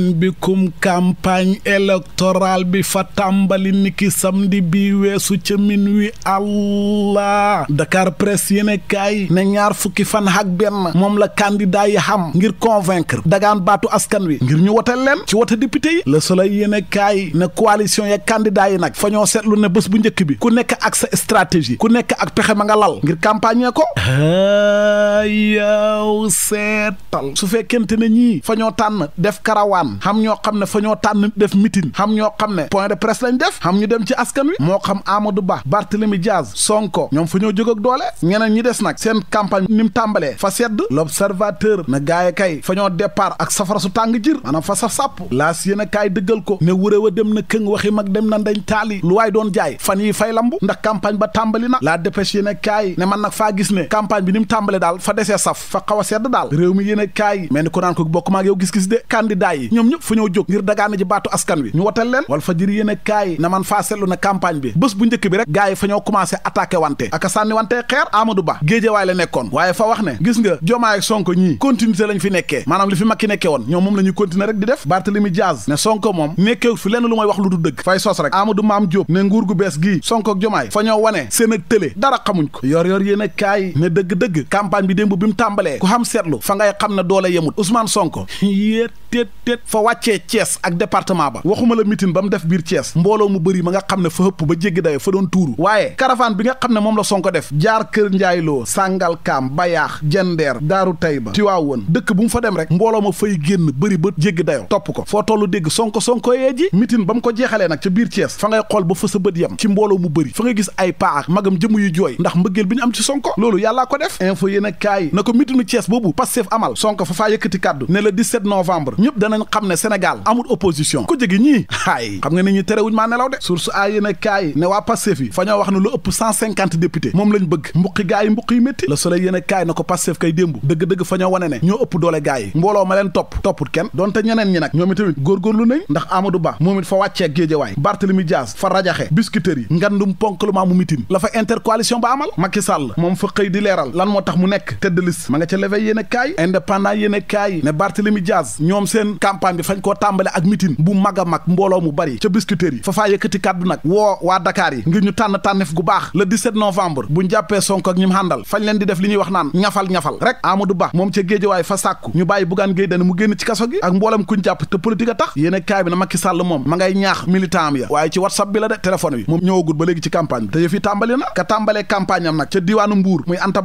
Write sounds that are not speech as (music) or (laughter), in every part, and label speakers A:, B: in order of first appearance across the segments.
A: ñaan bikum campagne électorale bi fa tàmbali niki samedi bi weesu ca min wi allah Dakar Presse yéen kaay ne ñaar fukki fan ak benn moom la candidat yi xam ngir convaincre dagaan baatu askan wi ngir ñu wotal leen ci wote député yi Le Soleil yéen kaay ne coalition ya candidat yi nag fa ñoo seetlu ne bés bu njëkk bi ku nekk ak sa stratégie ku nekk ak pexe ma nga lal ngir campagne ko yow seetal su fekkente ne ñii fa ñoo tànn def karawaan xam ñoo xam ne fa ñoo tànn def mitin xam ñoo xam ne point de presse lañ def xam ñu dem ci askan wi moo xam Amadou Ba Barthélemy Diaz Sonko ñoom fa ñoo jóg ak doole ñeneen ñi des nag seen campagne ni mu tàmbalee fa sedd l'observateur na gaay kay fa ñoo départ ak safara su tàng jir maanaam fa saf sàpp laas yéen a kaay dëggal ko ne wuré wa dem na këng waxi mag dem na dañ taali lu waay doon jaay fan yi fay lambu ndax campagne ba tàmbali na la dépêche yéen a kaay ne man gis ne campagne bi ni mu tàmbalee daal fa desee saf fa xaw a sedd daal réew mi a kaay gis-gis de candidat yi ñoom ñëpp fa ñoo jóg ngir dagaana ji baatu askan wi ñu wotal leen wal fajiri yéen e kaay na man faa seetlu na campagne bi bés bu njëkk bi rek gaay yi fa ne Sonko moom nekkewut fi lenn lu may wax lu du dëgg fay sos rek Amadou Mame Diop ne nguur gu bees gii Sonko Jomaay fa ñoo wane seen télé dara xamuñ ko yor yor kaay ne dëgg-dëgg campagne bi démb bi mu tàmbalee ku xam seetlu fa ngay xam ne doole yemut Ousmane Sonko (laughs) fa wàccee cees ak département ba waxuma la mitin ba mu def biir cees mbooloo mu bëri ma nga xam ne fa hëpp ba jéggi dayo fa doon tuuru waaye caravane bi nga xam ne moom la Sonko def jaar kër njaayloo sàngalkaam bayaax jendeer daaru tayba tiwaawoon dëkk bu mu fa dem rek mbooloo ma fay génn bëri ba jéggi dayo topp ko foo tollu dégg Sonko Sonko ji mitin ba mu ko jeexalee nag ca biir Thiès fa ngay xool ba fa sa yam ci mbooloo mu bëri fa nga gis ay paax magam jëmm yu ndax mbëggeel am ci Sonko loolu yàllaa ko def info yéen a kaay na ko mitinu Thiès boobu Pastef amal Sonko xam ne Sénégal amul opposition ku jegi ñii haay xam nga ne ñu terewuñ maa nelaw de source a yéen a kaay ne waa Pastef yi fa ñoo wax ne lu ëpp cent cinquante députés moom lañ bëgg mbuqi gaa yi mbuq yu métti le soleil yéen kaay na ko Pastef kay démb dëgg-dëgg fa ñoo wane ne ñoo ëpp doole gaa yi mbooloo ma leen topp topput kenn donte ñeneen ñi nag ñoom itamit góorgóorlu nañ ndax Amadou Ba moom it fa wàcceek géejawaay Barthélemy Dias fa rajaxe biscuiterie ngandum ponkalumaa mu leeral lan moo tax mu nekk tête de liste ma nga ca levé seen camp campagne bi fañ a mag mbooloo mu bari ca biscuiterie yi fa yëkkati kàddu nag woo waa Dakar yi ngir ñu tànn tànneef gu baax le 17 novembre buñ jàppee ak ñi mu fañ leen di def li ñuy wax naan ñafal ñafal rek Amadou Ba moom ca géejawaay fa sàkku ñu bàyyi Bougane Gueye Dany mu génn ci kaso gi ak mboolam kuñ jàpp te politique a tax yéene kaay bi na Macky Sall moom ma ngay ñaax militant ya waaye ci whatsapp bi la de téléphone bi moom ñëwagul ba léegi ci campagne bi te yëf tàmbali na ka tàmbalee campagne am nag ca diiwaanu Mbuur muy Anta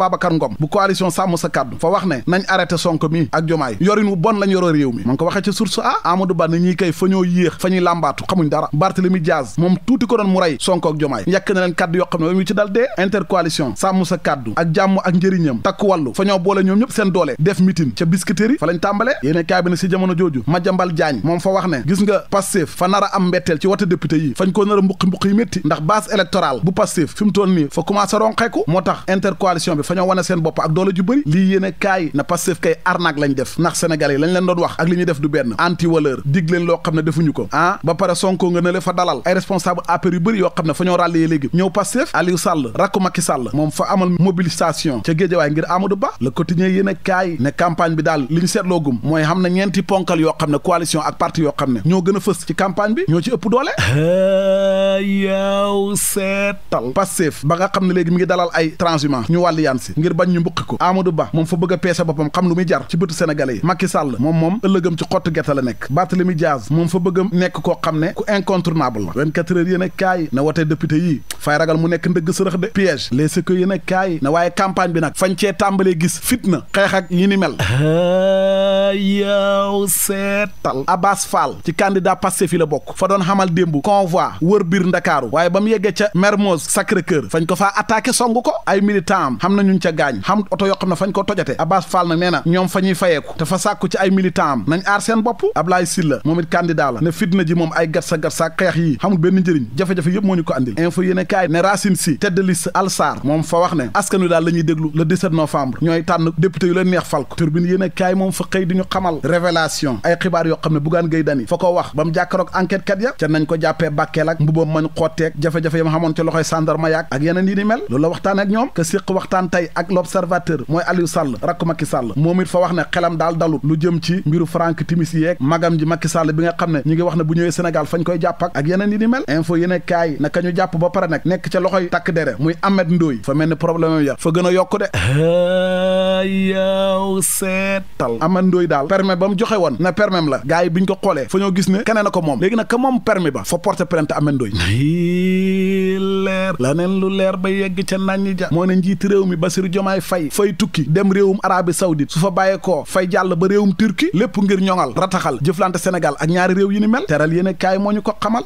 A: source a Amadou Ba ni ñuy kay fa ñoo yéex fa ñuy làmbaatu xamuñ dara Barthélemy Diaz moom tuuti ko doon mu rey Sonko ak Jomaay yàkk na leen kaddu yoo xam ne mu ci dal dee intercoalition sàmm sa kaddu ak jàmm ak njëriñam takku wàllu fa ñoo boole ñoom ñëpp seen doole def meeting ca biscuiterie fa lañ tàmbale yéene kaay bi ne si jamono jooju Madiambal Diagne moom fa wax ne gis nga Pastef fa nar a am mbetteel ci wote député yi fañ ko nar a mbuqi mbuqi yi métti ndax base électorale bu Pastef moo tax intercoalition bi fa ñoo wane seen bopp ak doole ju def ndax sénégalais yi lañ leen doon wax ak li ñuy def du benn anti valeur dig loo xam ne defuñu ko ah ba pare sonko nga ne le fa dalal ay responsable APR yu bëri yoo xam ne fa ñoo ràllee léegi ñëw Pastef Aliou Sall rakku Macky Sall moom fa amal mobilisation ca Guédiawaay ngir Amadou Ba le quotidien yéen a kaay ne campagne bi daal li ñu seetloogum mooy xam ne ñeenti ponkal yoo xam ne coalition ak parti yoo xam ne ñoo gën a fës ci campagne bi ñoo ci ëpp doole yow seetal Pastef ba nga xam ne léegi mi ngi dalal ay transhumance ñu wàlli yaan si ngir bañ ñu mbuqi ko Amadou Ba moom fa bëgg a peese xam lu muy jar ci bëtu sénégalais yi Macky Sall moom moom ëllëgam état la nekk Barthélemy Diaz moom fa bëgg a nekk koo xam ne ku incontournable la 24 heures yéen a kaay na wote député yii fay ragal mu nekk ndëgg sërëx de piège les secours yéen a kaay ne waaye campagne bi nag fañ cee tàmbalee gis fitna xeex ak yi ni mel yow seetal Abbas Fall ci candidat Pastef fi la bokk fa doon xamal démbu convoi wër biir Ndakaaru waaye ba mu yeggee ca Mermoz Sacré-Cœur fañ ko faa attaqué song ko ay militant am xam na ñun ca gaañ xam oto yoo na ne fañ ko tojate Abbas Fall nag nee na ñoom fa ñuy fayeeku te fa sàkku ci ay militan am nañ aar seen bopp Ablaye Sylla moom it candidat la ne fitna ji moom ay gat sa gat sa xeex yi xamul benn njëriñ jafe yëpp moo ñu ko andil kay ne Racine Sy tête de liste Alsar moom fa wax ne askan dal lañuy déglu le 17 novembre ñoy tànn député yu leen neex fal ko turbine yéen a kaay fa xey diñu xamal révélation ay xibaar yo xam ne Bougane fa ko wax bam jakarok enquête kat ya ca nañ ko jappé bàkkeel ak mbubam mañ jafe-jafe yam xamone ci loxoy gendarme yak ak yenen yi ni mel lolu la waxtaan ak ñom ke sik waxtaan tay ak l'observateur moy Aliou Sall rakk Macky Sall momit fa wax ne xelam dal dalut lu jëm ci mbiru Franck Timis magam ji Macky Sall bi nga xam ne ñu ngi wax ne bu ñëwee Sénégal fañ koy jàpp ak yenen yi ni mel info Yenekay, a kaay na ba paré nag nekk ca yi takk dere muy Ahmed Ndoye fa mel ni problème ya fa gën a yokku de yaw seetal Ahmed Ndoye daal permis ba mu joxe woon na permis la gars yi bi ñu ko xoolee fo ñoo gis ne keneen na ko moom léegi nag ka moom permis ba fa porter plainte Ahmed Ndoye leer la neen lu leer ba yegg ca naññi ja moo ne njiiti réew mi Bassirou Diomaye Faye fay tukki dem réewum Arabie Saoudite su fa bàyyeekoo fay jàll ba réewum Turquie lépp ngir ñoŋal rataxal jëflante Sénégal ak ñaari réew yi ni mel teral ko xamal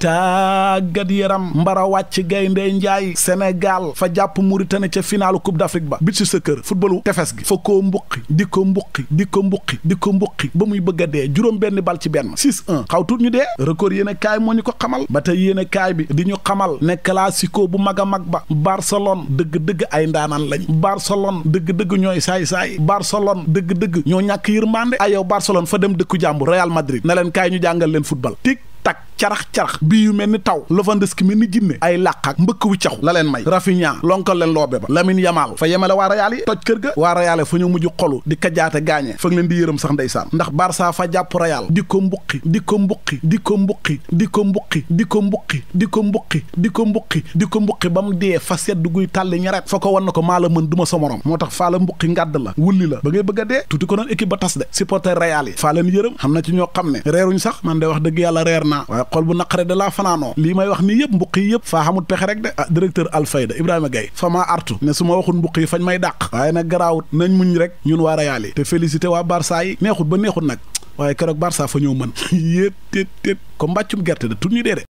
A: Ndeye Ndiaye Sénégal fa jàpp Mauritanie ca finalu Coupe d'Afrique ba bit si sa kër footballu tefes gi fa ko mbuqi di ko mbuqi di ko mbuqi di ko mbuqi ba muy bëgg a dee juróom benn bal ci benn 6-1 xaw tuut ñu dee record yéen a kaay moo ñu ko xamal ba te yéen kaay bi di ñu xamal ne classico bu mag a mag ba Barcelone dëgg-dëgg ay ndaanaan lañ Barcelone dëgg-dëgg ñooy saay-saay Barcelone dëgg-dëgg ñoo ñàkk yërmande ayow Barcelone fa dem dëkku jàmbur Real Madrid ne leen kaay ñu jàngal leen football tik carax-carax bii yu mel ni taw Lewandowski mel ni jinne ay làq ak mbëkk wu caxu la leen may Rafinha lonkal leen loobe ba Lamine Yamal fa yemale waa Real yi toj kër ga waa Real fa ñu mujj xolu di kajaate gaañee fa ngi leen di yërëm sax ndeysaan ndax Barça fa jàpp Real di ko mbuqi di ko mbuqi di ko mbuqi di ko mbuqi di ko mbuqi di ko mbuqi di ko mbuqi di ko mbuqi ba mu dee fa sedd guy tàlli ñaret fa ko wan na ko maa la mën du ma moo tax faa la mbuqi ngàdd la wulli la ba a dee tas de supporter Real yi faa na ci ne reeruñ sax man de wax dëgg yàlla reer naa xol bu naqare de la fanano li may wax ni yeb mbuq yi yëpp faa xamut pex rek de ah directeur Alfayda Ibrahima gay fa ma artu ne suma waxun waxul yi fañ may dak waye nak garaawut nañ muñ rek ñun waa Real te féliciter wa Barça yi neexut ba neexut nak waye kërok Barça fa ñëw mën yéet tet tet ko mbàccum gerte de tuñu dede